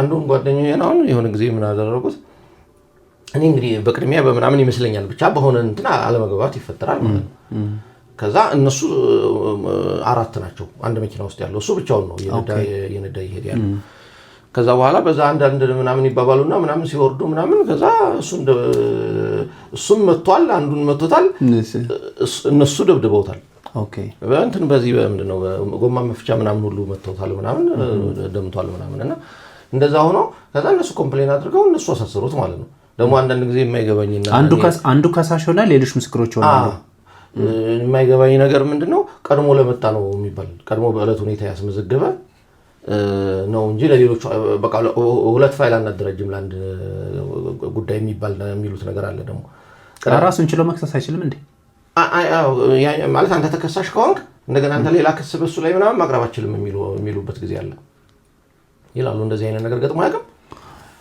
አንዱን ጓደኛዬን አሁን የሆነ ጊዜ ምን አደረጉት እኔ እንግዲህ በቅድሚያ በምናምን ይመስለኛል ብቻ በሆነ እንትን አለመግባባት ይፈጠራል ማለት ነው። ከዛ እነሱ አራት ናቸው አንድ መኪና ውስጥ ያለው እሱ ብቻውን ነው የነዳ ይሄድ ያለው። ከዛ በኋላ በዛ አንዳንድ ምናምን ይባባሉና ምናምን ሲወርዱ ምናምን ከዛ እሱም መቷል፣ አንዱን መቶታል፣ እነሱ ደብድበውታል። እንትን በዚህ ምንድን ነው ጎማ መፍቻ ምናምን ሁሉ መተውታል፣ ምናምን ደምቷል ምናምን እና እንደዛ ሆኖ ከዛ እነሱ ኮምፕሌን አድርገው እነሱ አሳስሩት ማለት ነው። ደግሞ አንዳንድ ጊዜ የማይገባኝ አንዱ ከሳሽ ሆና ሌሎች ምስክሮች ሆናሉ። የማይገባኝ ነገር ምንድን ነው ቀድሞ ለመጣ ነው የሚባል ቀድሞ በዕለት ሁኔታ ያስመዘገበ ነው እንጂ ለሌሎች ሁለት ፋይል አናደራጅም ለአንድ ጉዳይ የሚባል የሚሉት ነገር አለ። ደግሞ ራሱን ችሎ መክሰስ አይችልም እንዴ? ማለት አንተ ተከሳሽ ከሆንክ እንደገና አንተ ሌላ ክስ በሱ ላይ ምናምን ማቅረብ አችልም የሚሉበት ጊዜ አለ። ይላሉ። እንደዚህ አይነት ነገር ገጥሞ አያውቅም።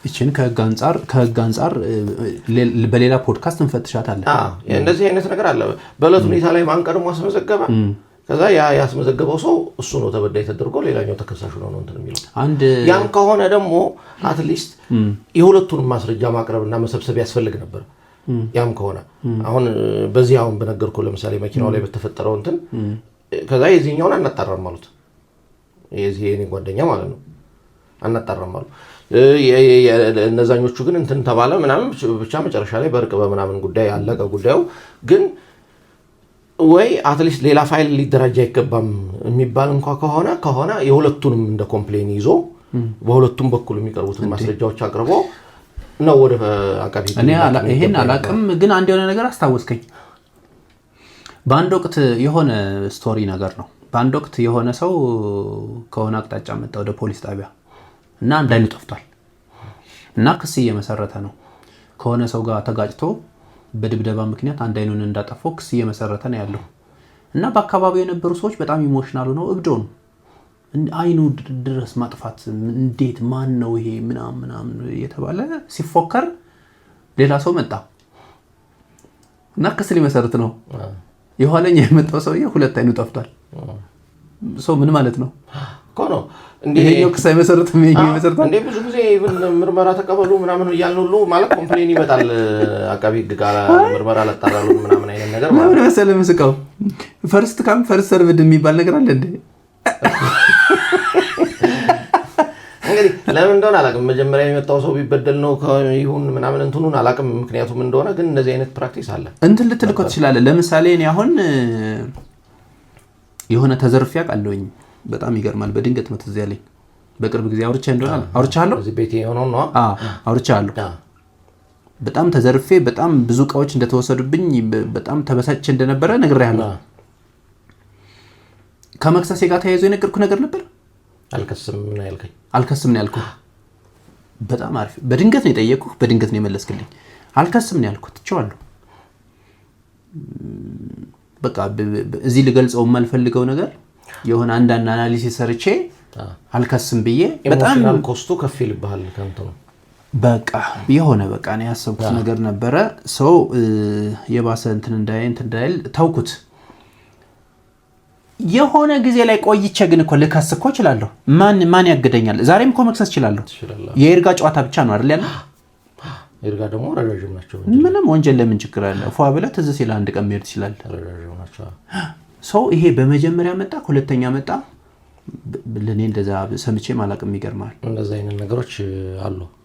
ይችን ከህግ አንጻር በሌላ ፖድካስት እንፈትሻታለን። እንደዚህ አይነት ነገር አለ። በእለት ሁኔታ ላይ ማን ቀድሞ አስመዘገበ፣ ከዛ ያ ያስመዘገበው ሰው እሱ ነው ተበዳይ ተደርጎ ሌላኛው ተከሳሽ ነው ነው እንትን የሚለው ያም ከሆነ ደግሞ አትሊስት የሁለቱንም ማስረጃ ማቅረብና መሰብሰብ ያስፈልግ ነበር። ያም ከሆነ አሁን በዚህ አሁን በነገርኩ ለምሳሌ መኪናው ላይ በተፈጠረው እንትን ከዛ የዚህኛውን አናጣራም አሉት የዚህ የኔ ጓደኛ ማለት ነው አናጣራም አሉ። እነዛኞቹ ግን እንትን ተባለ ምናምን ብቻ መጨረሻ ላይ በእርቅ በምናምን ጉዳይ ያለቀ ጉዳዩ ግን ወይ አትሊስት ሌላ ፋይል ሊደራጅ አይገባም የሚባል እንኳ ከሆነ ከሆነ የሁለቱንም እንደ ኮምፕሌን ይዞ በሁለቱም በኩል የሚቀርቡትን ማስረጃዎች አቅርቦ ነው ወደ አቃቢ ይሄን አላቅም። ግን አንድ የሆነ ነገር አስታወስከኝ። በአንድ ወቅት የሆነ ስቶሪ ነገር ነው። በአንድ ወቅት የሆነ ሰው ከሆነ አቅጣጫ መጣ ወደ ፖሊስ ጣቢያ እና አንድ አይኑ ጠፍቷል እና ክስ እየመሰረተ ነው። ከሆነ ሰው ጋር ተጋጭቶ በድብደባ ምክንያት አንድ አይኑን እንዳጠፋው ክስ እየመሰረተ ነው ያለው እና በአካባቢው የነበሩ ሰዎች በጣም ኢሞሽናሉ ነው እብዶ ነው አይኑ ድረስ ማጥፋት እንዴት ማን ነው ይሄ ምናምን ምናምን እየተባለ ሲፎከር ሌላ ሰው መጣ እና ክስ ሊመሰርት ነው። የኋለኛ የመጣው ሰውዬ ሁለት አይኑ ጠፍቷል። ሰው ምን ማለት ነው? እኮ ነው ይሄኛው ክስ አይመሰርትም። እንዴ ብዙ ጊዜ ምርመራ ተቀበሉ ምናምን እያልን ሁሉ ማለት ኮምፕሌን ይመጣል አቃቢ ሕግ ጋር ምርመራ ለጣራሉ ምናምን አይነት ነገር ምን መሰለህ ምስቃው ፈርስት ካም ፈርስት ሰርቭድ የሚባል ነገር አለ እንዴ? እንግዲህ ለምን እንደሆነ አላውቅም። መጀመሪያ የመጣው ሰው ቢበደል ነው ይሁን ምናምን እንትኑን አላውቅም፣ ምክንያቱም እንደሆነ ግን እንደዚህ አይነት ፕራክቲስ አለ። እንትን ልትልኮ ትችላለህ። ለምሳሌ እኔ አሁን የሆነ ተዘርፌ አውቃለሁኝ በጣም ይገርማል። በድንገት ነው ትዝ ያለኝ። በቅርብ ጊዜ አውርቻ እንደሆነ አውርቻለሁ፣ አውርቻለሁ። በጣም ተዘርፌ፣ በጣም ብዙ እቃዎች እንደተወሰዱብኝ፣ በጣም ተበሳጭቼ እንደነበረ ነግሬሃለሁ። ከመክሰሴ ጋር ተያይዞ የነገርኩ ነገር ነበር። አልከስም ነው ያልኩህ። በጣም አሪፍ። በድንገት ነው የጠየቅኩህ፣ በድንገት ነው የመለስክልኝ። አልከስም ነው ያልኩህ፣ ትቼዋለሁ። በቃ እዚህ ልገልጸው የማልፈልገው ነገር የሆነ አንዳንድ አናሊሲስ ሰርቼ አልከስም ብዬ በጣም ኮስቱ ከፍ ይልብሃል። በቃ የሆነ በቃ ነው ያሰብኩት ነገር ነበረ። ሰው የባሰ እንትን እንዳይ እንትን እንዳይል ተውኩት። የሆነ ጊዜ ላይ ቆይቼ ግን እኮ ልከስ እኮ እችላለሁ። ማን ማን ያግደኛል? ዛሬም እኮ መክሰስ እችላለሁ። የይርጋ ጨዋታ ብቻ ነው አይደል ያለ ይርጋ ደግሞ ረዣዥም ናቸው። ምንም ወንጀል ለምን ችግር አለ? ፏ ብለህ ትዝ ሲል አንድ ቀን መሄድ ትችላለህ። ሰው ይሄ በመጀመሪያ መጣ ከሁለተኛ መጣ ለእኔ እንደዛ ሰምቼም አላውቅም። ይገርማል። እንደዚ አይነት ነገሮች አሉ።